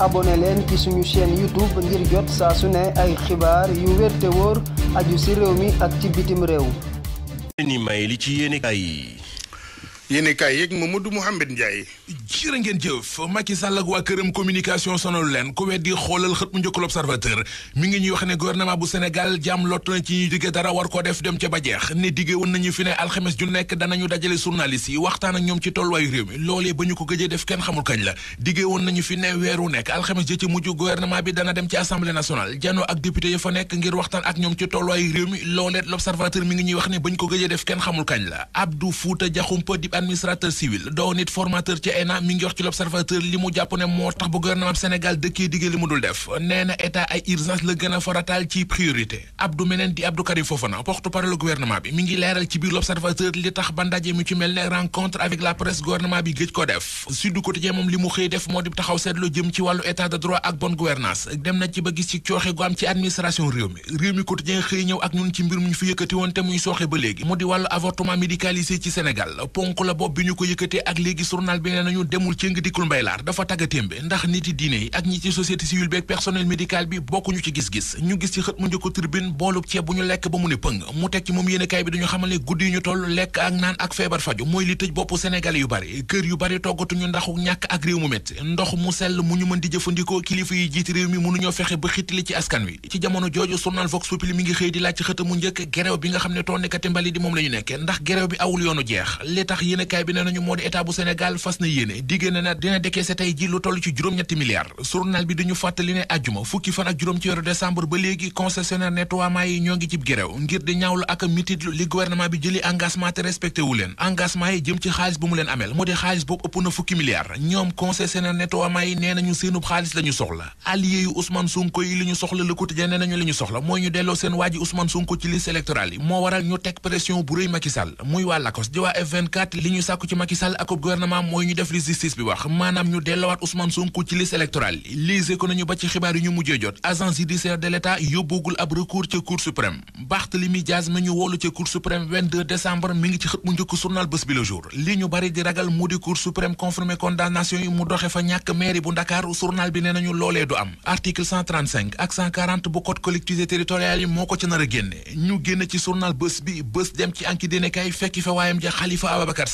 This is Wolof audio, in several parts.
abonné leen ci suñu chaîne YouTube ngir jot saa su ne ay xibaar yu wér woor wóor aju ci réew mi ak ci bitim réew. ni may li ci yéene kay yéen kaay yeeg Mamadou Mouhamed Ndiaye jërë ngeen jëf Macky Sall ak waa këram communication sonalu leen ku weddi xoolal xët mu njëkk l'Observateur mi ngi ñuy wax ne gouvernement bu Sénégal jàmm lott na war koo def dem ca ba jeex ne digge woon nañu fi ne alxames ju nekk danañu dajale journalistes yi waxtaan ak ñoom ci tolluwaayu réew mi loolee ko gëjee def kenn kañ la digge woon nañu fi ne weeru nekk alxames ja ci mujj gouvernement bi dana dem ci assemblée nationale jano ak député ya waxtaan ak ñoom ci tolluwaayu réew mi l'Observateur mi ngi ñuy wax ni ba ñu ko gëjee def kenn xamul kañ la Abdou Fouta Diakhoumpa administrateur civil doo nit formateur ci ENA mi ngi wax ci l'observateur li mu jàpp ne moo tax bu gouvernement Sénégal dëkkee diggée li mu dul def nee na état ay urgence la gën a farataal ci priorité Abdou meneen di Abdou Karim Fofana porte-parole gouvernement bi mi ngi leeral ci biir l'observateur li tax ba ndaje mi ci mel ne rencontre avec la presse gouvernement bi gëj ko def Sud Quotidien moom li mu xëy def moo di taxaw seetlu jëm ci wàllu état de droit ak bonne gouvernance na ci ba gis ci cooxe gu am ci administration mi réew mi Quotidien xëy ñëw ak ñun ci mbir mu fi yëkkati woon te muy sooxe ba léegi mu di wàllu avortement médicalisé ci Sénégal ponk la bopp bi ñu ko yëkkatee ak léegi journal bi nee nañu demul ci ngi dikkul mbaylaar dafa tagga témbe ndax nit yi diine yi ak ñi ci société civile bi ak personnel médical bi bokkuñu ci gis-gis ñu gis ci xët mu njëkk tribune boolub ceeb bu ñu lekk ba mu ne pëng mu teg ci moom yéenekaay bi dañu xamal ne guddi ñu toll lekk ak naan ak feebar faju mooy li tëj bopp sénégalais yu bari kër yu bari toggatuñu ndaxu ñàkk ak réew mu métti ndox mu sell mu ñu mën di jëfandikoo kilifa yi jiiti réew mi mënuñoo fexe ba xittali ci askan wi ci jamono jooju journal Vox Populi mi ngi xëy di laaj ci mu njëkk gerew bi nga xam ne toonekati mbali di moom la ñu nekke ndax gerew bi awul yéenekaay bi nee nañu moo di état bu Sénégal fas na yéene diggéene na dina décaissé tey ji lu toll ci juróom-ñetti bi dañu fàttali ne àjjuma fukki fan ak juróom ci weeru décembre ba léegi concessionnaire nettoiement yi ñoo ngi cib géréw ngir di ñaawlu ak mititlu li gouvernement bi jëli engagement te respecté wu leen engagement yi jëm ci xaalis bu mu leen amel moo di xaalis boobu ëpp na fukki milliards ñoom concessionnaire nettoiement nee nañu seenub xaalis la soxla Le Quotidien nee nañu li ñu soxla mooy ñu delloo seen waaji Ousmane Sonko ci liste électorale yi moo waral ñu teg pression bu rëy li ñu sàkku ci Macky Sall ak gouvernement mooy ñu def li justice bi wax maanaam ñu dellowaat Ousmane Sonko ci liste électorale lise ko nañu ba ci xibaar yi ñu mujjee jot judiciaire de l'État yóbboogul ab recours ca Cour suprême Barthélemy Diaz mi ñu woolu ca Cour suprême 22 décembre ngi ci xët mu njëkk journal bés bi le jour li ñu bari di ragal mu di Cour suprême confirmé condamnation yi mu doxe fa ñàkk mairie bu Dakar journal bi nee nañu loolee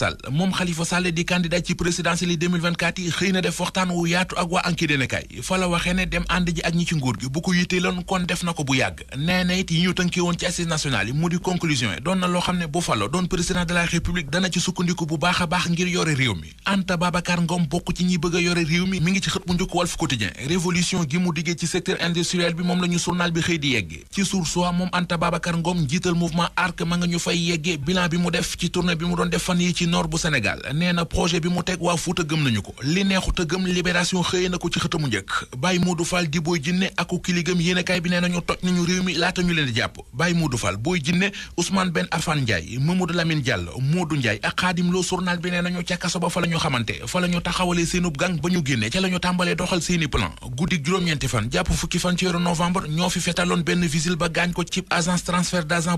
Sall moom Khalifa Sall di candidat ci présidentielle yi xëy na def waxtaan wu yaatu ak waa Enquête yéenekaay waxee ne dem ànd ji ak ñi ci nguur gi bu ko yitteeloon kon def na ko bu yàgg nee na it yi ñu tënkee woon ci assises nationales yi mu di conclusion yi doon na loo xam ne bu doon président de la république dana ci sukkandiku bu baax a baax ngir yore réew mi Anta Babacar Ngom bokk ci ñi bëgg yore réew mi mi ngi ci xët bu njëkk Walf Quotidien révolution gi nord bu Sénégal nee na projet bi mu teg waa Fuuta gëm nañu ko li neexut a gëm libération xëy na ko ci xëtamu njëkk Baye Modou Fall di Boy Djiné ak kili gëm yéenekaay bi nee nañu toj nañu réew mi laata ñu leen di jàpp Baye Modou Fall Boy Djiné Ousmane Ben Affan Ndiaye Mamadou Lamine Diallo Modou Ndiaye ak Khadim Lo bi nee nañu ca kaso ba fa la xamante fa la ñu taxawalee seenub gang ba ñu génnee ca la ñu tàmbalee doxal seeni plan guddik juróom-ñeenti fan jàpp fukki fan ci weeru novembre ñoo fi fetaloon benn visil ba gaañ ko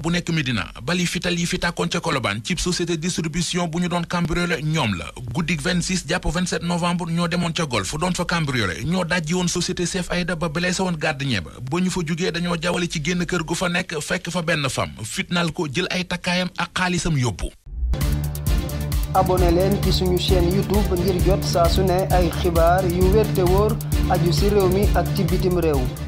bu nekk Médina bali fital yi fi tàkkoon ca Colobane cib bu ñu doon cambriolé ñoom la guddik 26 jàpp 27 novembre ñoo demoon ca golf doon fa cambriolé ñoo dajji woon société chef Aïda ba blessé woon gardien ba ba ñu fa jugee dañoo jawale ci génn kër gu fa nekk fekk fa benn femme fitnaal ko jël ay takkaayam ak xaalisam yóbbu. abonné leen ci suñu chaîne youtube ngir jot saa su ne ay xibaar yu wér te wóor aju ci réew mi ak ci bitim réew.